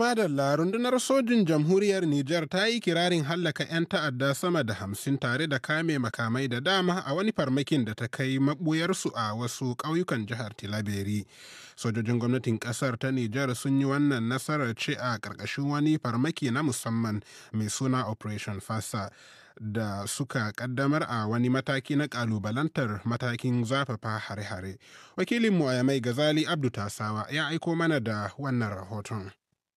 madalla rundunar sojin jamhuriyar Nijar ta yi kirarin hallaka 'yan ta'adda sama da hamsin tare da kame makamai da dama a wani farmakin da ta kai maɓuyarsu a wasu ƙauyukan jihar Tilaberi. Sojojin gwamnatin ƙasar ta Nijar sun yi wannan nasarar ce a ƙarƙashin wani farmaki na musamman mai suna Operation Fasa. da suka kaddamar a wani mataki na kalubalantar matakin zafafa hare-hare. Wakilinmu a Yamai Gazali Abdu Tasawa ya aiko mana da wannan rahoton.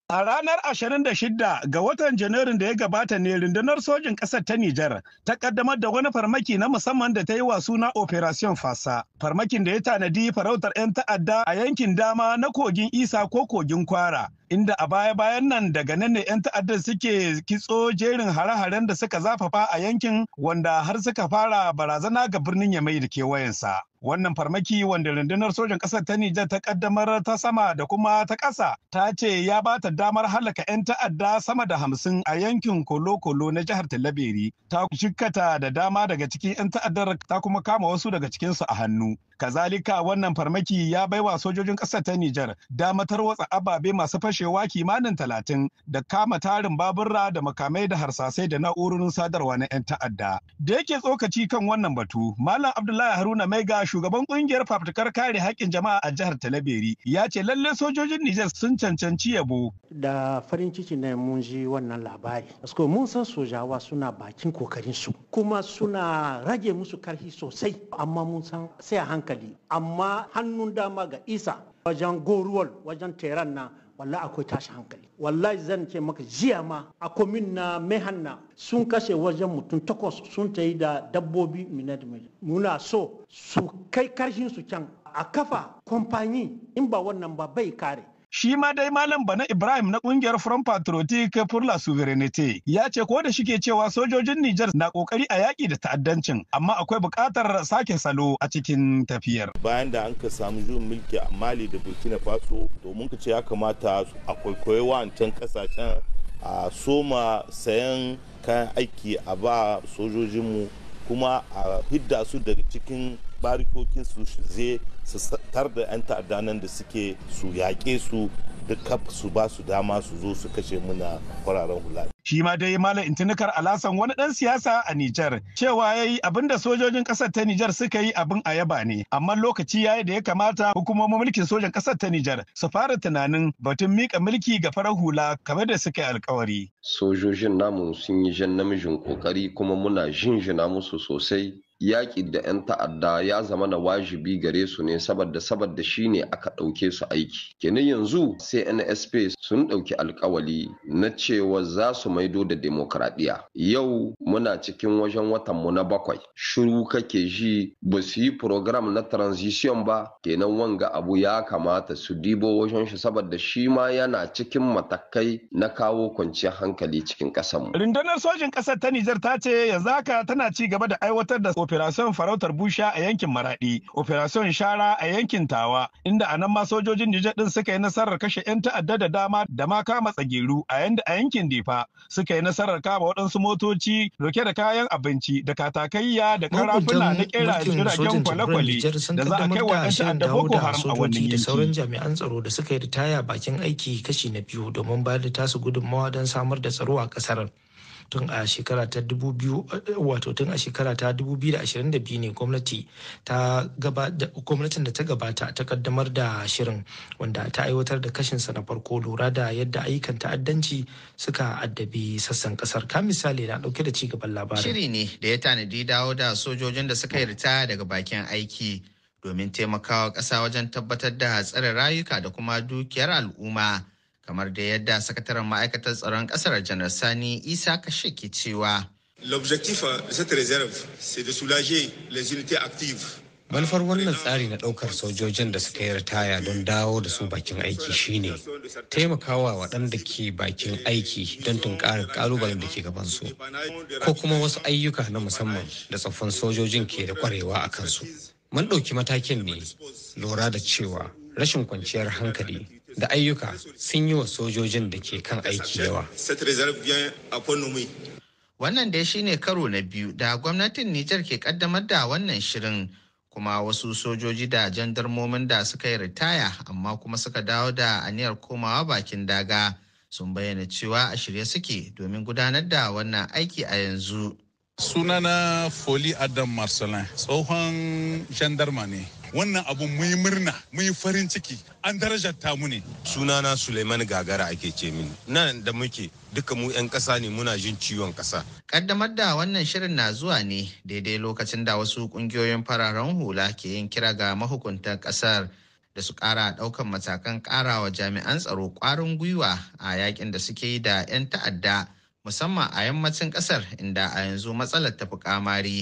A ranar 26 ga watan Janairun da ya gabata ne rundunar sojin ƙasar ta Nijar ta kaddamar da wani farmaki na musamman da ta yi wa suna Operation Fasa. Farmakin da ya tanadi farautar 'yan ta'adda a yankin dama na kogin Isa ko kogin Kwara. Inda a baya-bayan nan daga nan ne 'yan ta'addar suke kitso jerin hare-haren da suka zafafa a yankin wanda har suka fara barazana ga birnin Yamai da kewayensa. Wannan farmaki wanda rundunar sojan ƙasar ta Nijar ta ƙaddamar ta sama da kuma ta ƙasa ta ce ya ba ta damar halaka 'yan ta'adda sama da hamsin a yankin Kolo-Kolo na jihar Talabiri. Ta shikkata da dama daga cikin 'yan ta'addar ta kuma kama wasu daga cikinsu a hannu. Kazalika wannan farmaki ya baiwa sojojin ƙasar ta Nijar damatar watsa ababe masu fashewa kimanin talatin da kama tarin baburra da makamai da harsasai da na'urorin sadarwa na 'yan ta'adda. Da yake tsokaci kan wannan batu, Malam Abdullahi Haruna Maiga shugaban kungiyar fafutukar kare haƙƙin jama'a a jihar Talabiri ya ce lalle sojojin Nijar sun cancanci yabo. Da farin ciki ne mun ji wannan labari. Asko mun san sojawa suna bakin kokarin su kuma suna rage musu karfi sosai amma mun san sai a hankali amma hannun dama ga Isa wajen goruwal wajen teran nan wallahi akwai tashi hankali wallahi zan ce maka jiya ma a komin na mehanna sun kashe wajen mutum takwas sun ta yi da dabbobi minad muna so su kai karshen su can a kafa kwamfani in ba wannan ba bai kare Shi ma dai Malam Bana Ibrahim na kungiyar Front Patriotic pour la Souveraineté ya ce ko da shike cewa sojojin Nijar na kokari a yaki da ta'addancin amma akwai bukatar sake salo a cikin tafiyar. Bayan da an ka samu juyin mulki a Mali da Burkina Faso domin ka ce ya kamata a kwaikwayi wa'ancan kasashen a soma sayan kayan aiki a ba sojojinmu kuma a hidda su daga cikin barikokin su zai su tar da 'yan ta'adda da suke su yaƙe su kaf su ba su dama su zo su kashe muna kwararen hula. Shi ma dai Malam Intanikar Alasan wani ɗan siyasa a Nijar cewa ya yi abin da sojojin ƙasar ta Nijar suka yi abin a yaba ne, amma lokaci ya da ya kamata hukumomin mulkin sojan ƙasar ta Nijar su fara tunanin batun miƙa mulki ga farar hula kamar da suka yi alkawari. Sojojin namu sun yi jan namijin ƙoƙari kuma muna jinjina musu sosai yaƙi da 'yan ta'adda ya zama na wajibi gare su ne saboda saboda shi ne aka ɗauke su aiki kenan yanzu sai nsp sun ɗauki alkawali na cewa za su maido da demokradiyya yau muna cikin wajen watanmu na bakwai shiru kake ji ba su yi program na transition ba kenan wanga abu ya kamata su dibo wajen shi saboda shi ma yana cikin matakai na kawo kwanciyar hankali cikin ƙasarmu rundunar sojin ƙasar ta nijar ta ce yanzu haka tana ci gaba da aiwatar da Operation Farautar Busha a yankin Maradi, Operation Shara a yankin Tawa, inda a nan ma sojojin Nijar ɗin suka yi nasarar kashe 'yan ta'adda da dama da ma kama tsageru a yanda a yankin Difa suka yi nasarar kama waɗansu motoci roke da kayan abinci da katakayya da karafuna da kera jiragen kwale-kwale da za a kai wa 'yan ta'adda Boko Haram a wannan yanki. sauran jami'an tsaro da suka yi ritaya bakin aiki kashi na biyu domin bayar da tasu gudummawa don samar da tsaro a ƙasar. tun a shekara ta wato tun a shekara ta 2022 ne gwamnati ta gwamnatin da ta gabata ta kaddamar da shirin wanda ta aiwatar da kashin sa na farko lura da yadda ayyukan ta'addanci suka addabi sassan kasar ka misali na dauke da ci gaban labarin shiri ne da ya tanadi dawo da sojojin da suka yi ritaya daga bakin aiki domin taimakawa ƙasa wajen tabbatar da tsare rayuka da kuma dukiyar al'umma kamar da yadda sakataren ma'aikatar tsaron kasar janar sani isa kashe ke cewa l'objectif de cette réserve c'est de soulager les unités manufar wannan tsari na ɗaukar sojojin da suka yi ritaya don dawo da su bakin aiki shine taimakawa waɗanda ke bakin aiki don tunkarar ƙalubalen da ke gabansu ko kuma wasu ayyuka na musamman da tsoffin sojojin ke da kwarewa a kansu mun ɗauki matakin ne lura da cewa rashin kwanciyar hankali da ayyuka sun yi wa sojojin da ke kan aiki yawa. Wannan dai shine karo na biyu da gwamnatin Nijar ke kaddamar da wannan shirin kuma wasu sojoji da jandarmomin da suka yi ritaya amma kuma suka dawo da aniyar komawa bakin daga sun bayyana cewa a shirye suke domin gudanar da wannan aiki a yanzu. Sunana Foli Adam Marcelin tsohon jandarma ne. wannan abun mun yi murna mun yi farin ciki an darajarta mu ne sunana suleiman gagara ake ce mini nan da muke duka mu 'yan ƙasa ne muna jin ciwon ƙasa. ƙaddamar da wannan shirin na zuwa ne daidai lokacin da wasu ƙungiyoyin fararen hula ke yin kira ga mahukuntan ƙasar da su ƙara ɗaukan matakan ƙarawa jami'an tsaro ƙwarin gwiwa a yakin da suke yi da 'yan ta'adda musamman a yammacin ƙasar inda a yanzu matsalar tafi kamari.